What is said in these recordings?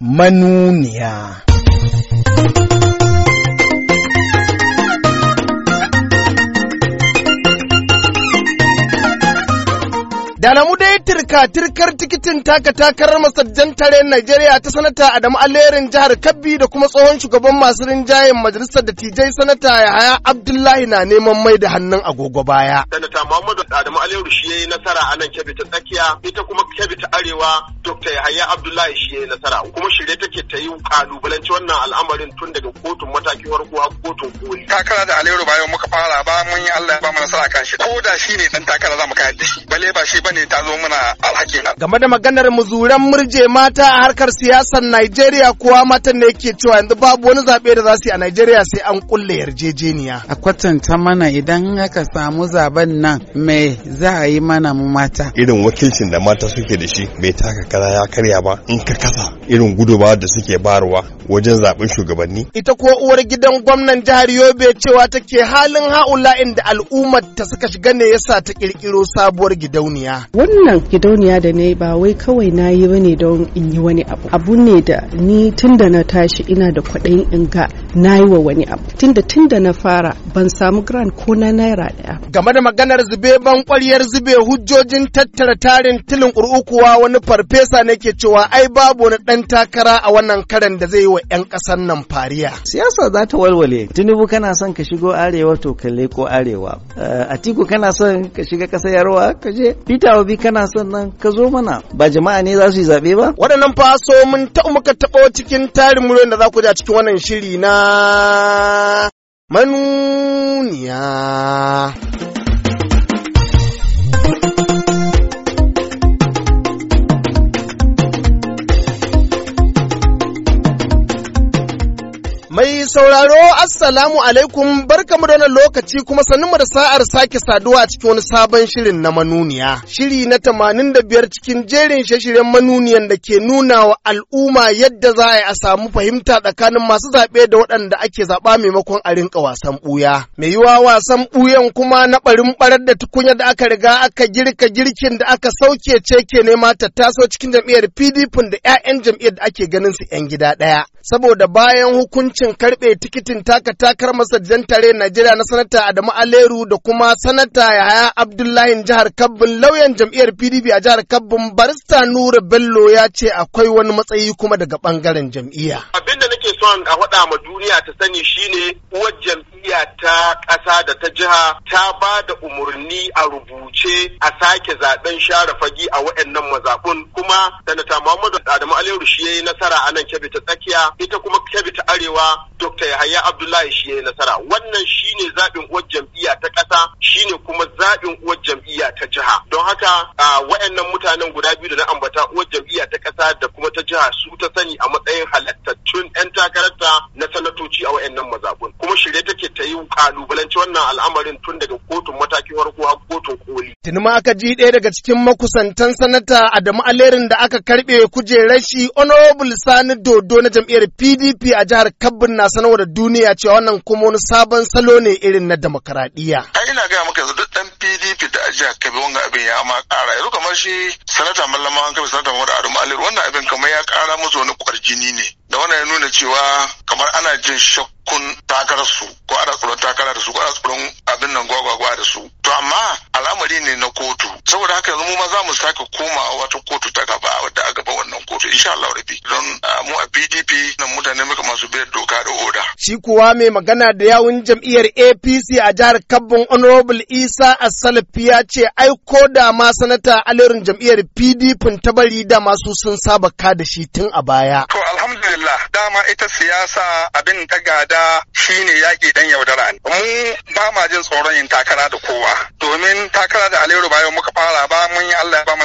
manuniya. Da namu dai turka turkar tikitin taka takarar masajjan tare Najeriya ta sanata Adamu Alerin jihar Kabbi da kuma tsohon shugaban masu rinjayen majalisar da tijai sanata Yahaya Abdullahi na neman mai da hannun agogo baya. Sanata Muhammadu Adamu Alerin shi yayi nasara a nan Kebbi ta tsakiya ita kuma Kebbi ta arewa Dr. Yahaya Abdullahi shi yayi nasara kuma shirye take ta yi kalubalanci wannan al'amarin tun daga kotun matakin farko har kotun koli. Takara da Alerin bayan muka fara ba mun yi Allah ya ba mu nasara kan shi ko da shi ne dan takara za mu kayar da shi bale ba shi bane ta zo mana alhaki Game da maganar muzuran murje mata a harkar siyasar Najeriya kuwa matan ne ke cewa yanzu babu wani zaɓe da za yi a Najeriya sai an kulle yarjejeniya. A kwatanta mana idan aka samu zaben nan me za a yi mana mu mata. Irin wakilcin da mata suke da shi bai taka kaza ya karya ba in ka kasa irin gudubawa da suke barwa wajen zaben shugabanni. Ita ko uwar gidan gwamnan jihar Yobe cewa take halin ha'ula inda al'ummar ta suka shiga ne yasa ta kirkiro sabuwar gidauniya. Wannan gidauniya da na yi ba wai kawai na yi bane don in yi wani abu. Abu ne da ni tun da na tashi ina da kwaɗayin in ga na yi wa wani abu tunda tunda na fara ban samu grant ko na naira daya game da maganar zube ban kwaryar zube hujjojin tattara tarin tilin kurukuwa wani farfesa ne ke cewa ai babu wani dan takara a wannan karan da zai yi wa 'yan ƙasar nan fariya siyasa za ta walwale tinubu kana son ka shigo arewa to ka leko arewa eh, atiku kana son ka shiga ƙasar yarwa ka je peter obi kana son nan ka zo mana ba jama'a ne za su yi zaɓe ba waɗannan fa so mun ta muka taɓo cikin tarin muryoyin da za ku ji a cikin wannan shiri na manuniya. Mai sauraro Assalamu alaikum barkamu da wannan lokaci kuma sannunmu da sa'ar sake saduwa cikin wani sabon shirin na manuniya. Shiri na tamanin da biyar cikin jerin shirin manuniyan da ke nuna wa al'umma yadda za a samu fahimta tsakanin masu zaɓe da waɗanda ake zaɓa maimakon a rinƙa wasan ɓuya. Mai yiwa wasan ɓuyan kuma na ɓarin ɓarar da tukunya da aka riga aka girka girkin da aka sauke ce ke nema ta taso cikin jam'iyyar PDP da 'ya'yan jam'iyyar da ake ganin su 'yan gida ɗaya. Saboda bayan hukuncin nufin karɓe tikitin taka takar masarjan tare Najeriya na sanata Adamu Aleru da kuma sanata Yahaya Abdullahi jihar Kabbin lauyan jam'iyyar PDP a jihar Kabbin barista Nura Bello ya ce akwai wani matsayi kuma daga bangaren jam'iyya. Abin da nake son a faɗa ma duniya ta sani shine uwar jiha ta ba da umarni a rubuce a sake zaben share fagi a waɗannan mazaɓun kuma sanata Muhammadu Adamu Aliyu shi yayi nasara a nan Kebbi tsakiya ita kuma Kebbi arewa Dr. Yahaya Abdullahi shi yayi nasara wannan shine zabin uwar jam'iyya ta ƙasa shine kuma zabin uwar jam'iyya ta jiha don haka waɗannan mutanen guda biyu da na ambata uwar jam'iyya ta ƙasa da kuma ta jiha su ta sani a matsayin halattattun 'yan takararta shirye take ta yi kalubalanci wannan al'amarin tun daga kotun matakin farko har kotun koli. Tuni ma aka ji ɗaya daga cikin makusantan sanata Adamu Alerin da aka karɓe kujerar shi Honorable Sani Dodo na jam'iyyar PDP a jihar Kabin na sanarwa da duniya cewa wannan kuma wani sabon salo ne irin na demokaradiyya. Ai ina gaya maka yanzu duk ɗan PDP da a jihar Kabin wanga abin ya ma ƙara yanzu kamar shi sanata Mallama Hankabi sanata Muhammadu Adamu Alerin wannan abin kamar ya ƙara musu wani kwarjini ne da wannan ya nuna cewa kamar ana jin shakkun takar su ko ana tsoron takara da su ko ana tsoron abin nan gwagwagwa da su to amma al'amari ne na kotu saboda haka yanzu mu ma za mu sake komawa wata kotu ta gaba wadda a gaba wannan kotu insha Allah rabi don mu a PDP nan mutane muka masu bayar doka da oda shi kuwa mai magana da yawun jam'iyyar APC a jihar Kabban Honorable Isa Asalfi ya ce ai ko da ma sanata alerin jam'iyyar PDP ta bari da masu sun saba ka da shi tun a baya to alhamdulillah dama ita siyasa abin ta gada shine yaƙi dan yaudara mu ba ma jin tsoron yin takara da kowa domin takara da aliyu bayan muka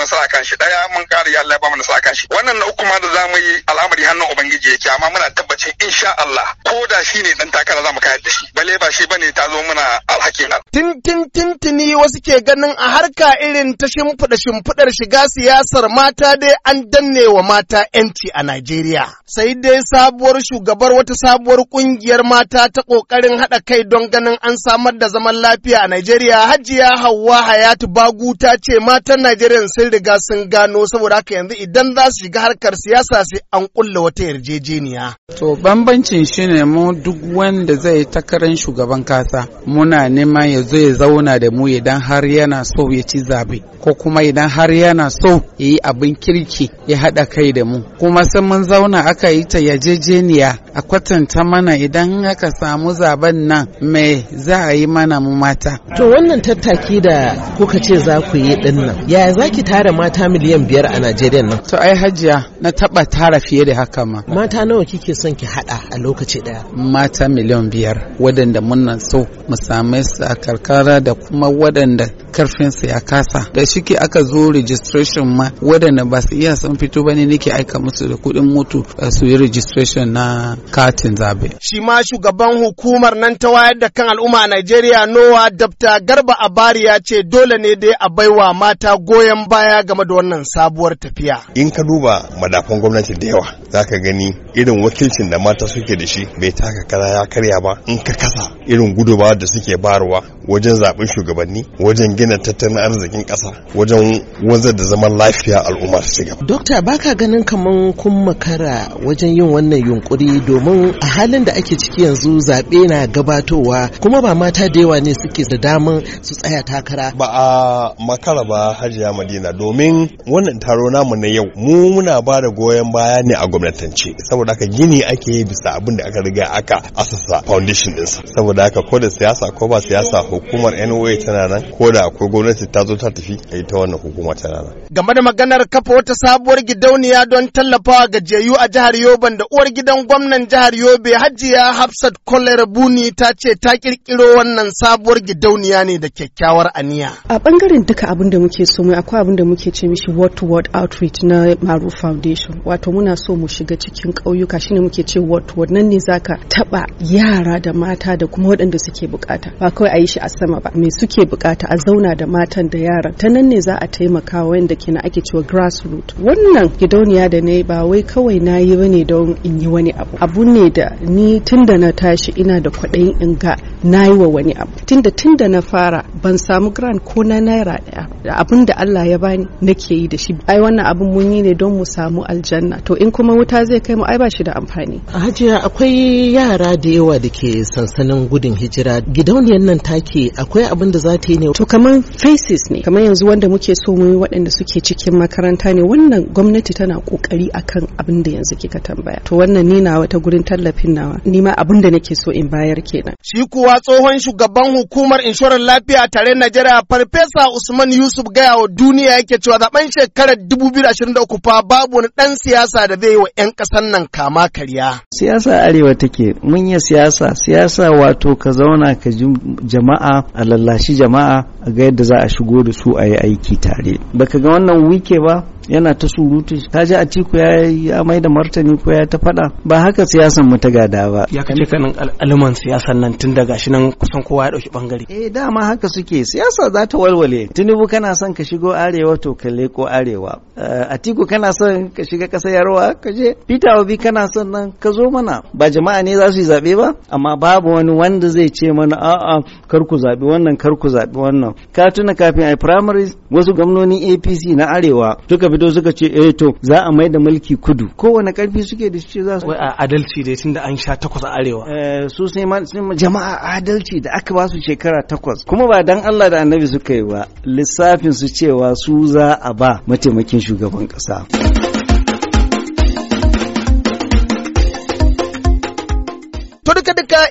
nasara kan shi daya mun kare ya Allah ba mu nasara kan shi wannan na uku ma da zamu yi al'amari hannun ubangiji yake amma muna tabbacin insha Allah ko da shi ne dan takara zamu kayar da shi bale ba shi bane ta zo muna alhaki na tin tin tin tini wasu ke ganin a harka irin ta shimfiɗa shimfiɗar shiga siyasar mata dai an danne wa mata yanci a Najeriya sai dai sabuwar shugabar wata sabuwar ƙungiyar mata ta kokarin haɗa kai don ganin an samar da zaman lafiya a Najeriya Hajiya Hauwa Hayatu Bagu ta ce matan Najeriya sun riga sun gano saboda haka yanzu idan za su shiga harkar siyasa sai an kulla wata yarjejeniya. To bambancin shine mu duk wanda zai takarar shugaban kasa muna nema ya zo ya zauna da mu idan har yana so ya ci zabe ko kuma idan har yana so ya yi abin kirki ya haɗa kai da mu kuma sai mun zauna aka yi ta yarjejeniya a kwatanta mana idan aka samu zaben nan me za a yi mana mu mata. To wannan tattaki da kuka ce za ku yi ɗin nan Yaya za ki ta tara mata miliyan biyar a Najeriya nan. To ai hajiya na taba tara fiye da haka ma. Mata nawa kike son ki hada a lokaci daya? Mata miliyan biyar wadanda muna so mu same su a da kuma wadanda karfinsa ya kasa da shike aka zo registration ma waɗanda ba su iya sun fito ba ne nake aika musu da kuɗin mutu eh, su yi registration na katin zabe. Shi ma shugaban hukumar nan ta wayar da kan al'umma a nigeria Nowa dabta Garba Abari ya ce dole ne dai a baiwa mata goyon baya game da wannan sabuwar tafiya. In ka duba madafan gwamnati da yawa za ka gani irin wakilcin da mata suke da shi bai taka kaza ya karya ba in ka kasa irin gudubawa da suke barwa wajen zaɓen shugabanni wajen gina tattalin arzikin ƙasa wajen wanzar da zaman lafiya al'umma su gaba. Dokta baka ganin kaman kun makara wajen yin wannan yunkuri domin a halin da ake ciki yanzu zaɓe na gabatowa kuma ba mata da yawa ne suke da damar su tsaya takara. Ba a makara ba Hajiya Madina domin wannan taro namu na yau mu muna ba da goyon baya ne a gwamnatance saboda haka gini ake yi bisa abin da aka riga aka asasa foundation ɗinsa saboda haka ko da siyasa ko ba siyasa hukumar NOA tana nan ko da akwai gwamnati ta zo ta tafi a ita wannan hukuma ta rana. Game da maganar kafa wata sabuwar gidauniya don tallafawa gajiyayyu a jihar Yoban da uwar gidan gwamnan jihar Yobe Hajiya Hafsat Kolar Buni ta ce ta kirkiro wannan sabuwar gidauniya ne da kyakkyawar aniya. A bangaren duka abin da muke so mai akwai abin da muke ce mishi word to word outreach na Maru Foundation wato muna so mu shiga cikin ƙauyuka shine muke ce word to word nan ne zaka taba yara da mata da kuma waɗanda suke bukata ba kawai a yi shi a sama ba me suke bukata a zauna zauna da matan da yaran ta nan ne za a taimaka wanda kina ake cewa grassroot wannan gidauniya da na yi ba wai kawai na yi bane don in yi wani abu abu ne da ni tun da na tashi ina da kwaɗayin in ga na yi wa wani abu tunda tunda na fara ban samu grand ko na naira daya abin da Allah ya bani nake yi da shi ai wannan abin mun yi ne don mu samu aljanna to in kuma wuta zai kai mu ai ba shi da amfani hajiya akwai yara da yawa da ke sansanin gudun hijira gidauniyar nan take akwai abin da za ta yi ne to kamar faces ne kamar yanzu wanda muke so mu yi waɗanda suke cikin makaranta ne wannan gwamnati tana kokari akan abin da yanzu kika tambaya to wannan ni na wata gurin tallafin nawa ni ma abin da nake so in bayar kenan shi kuwa cewa tsohon shugaban hukumar inshorar lafiya tare Najeriya Farfesa Usman Yusuf gaya wa duniya yake cewa zaben shekarar 2023 fa babu wani dan siyasa da zai yi wa 'yan kasan nan kama karya. Siyasa arewa take mun yi siyasa siyasa wato ka zauna ka ji jama'a a lallashi jama'a a ga yadda za a shigo da su a yi aiki tare. Baka ga wannan wike ba yana ta surutu Ta ji a tiku ya ya mai da martani ko ya ta faɗa ba haka siyasan mu ta gada ba ya kace kanin al'aluman siyasan nan tun daga shi nan kusan kowa ya dauki bangare eh dama haka suke siyasa za ta walwale tinubu kana son ka shigo arewa to ka leko arewa eh, a tiku kana son ka shiga ƙasar yarwa ka je peter obi kana son nan ka zo mana ba jama'a ne za su yi zaɓe ba amma babu wani wanda zai ce mana a'a kar ku zaɓi wannan kar ku zaɓi wannan ka tuna kafin ai primaries wasu gwamnonin apc na arewa duka fito suka ce eh to za a mai da mulki kudu kowane karfi suke da shi za su wai a adalci dai tunda an sha takwas a arewa eh, su sai ma jama'a adalci da aka ba su shekara takwas kuma ba dan Allah da annabi suka yi ba lissafin su cewa su za a ba mataimakin shugaban kasa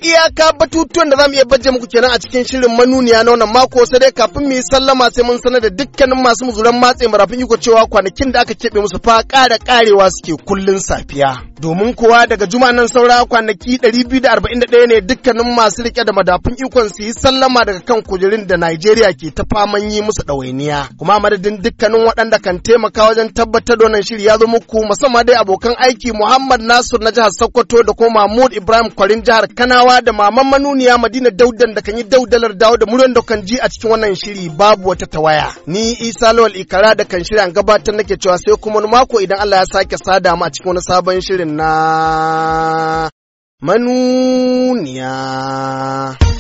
iyaka batutuwan da za mu iya baje muku kenan a cikin shirin manuniya na wannan mako sai dai kafin mu yi sallama sai mun sanar da dukkanin masu muzuran matse marafin iko cewa kwanakin da aka keɓe musu fa ƙara ƙarewa suke kullun safiya. domin kuwa daga juma nan saura kwanaki 241 ne dukkanin masu rike da madafin ikon su yi sallama daga kan kujerun da Najeriya ke ta faman yi musu ɗawainiya. Kuma madadin dukkanin waɗanda kan taimaka wajen tabbatar da wannan shiri ya zo muku musamman dai abokan aiki Muhammad Nasir na jihar Sokoto da kuma Mahmud Ibrahim Kwarin jihar Kanawa kama da maman manuniya Madina Daudan da kan yi daudalar dawo da muryar da kan ji a cikin wannan shiri babu wata tawaya. Ni Isa Lawal Ikara da kan shirya gabatar nake cewa sai kuma mako idan Allah ya sake sada mu a cikin wani sabon shirin na manuniya.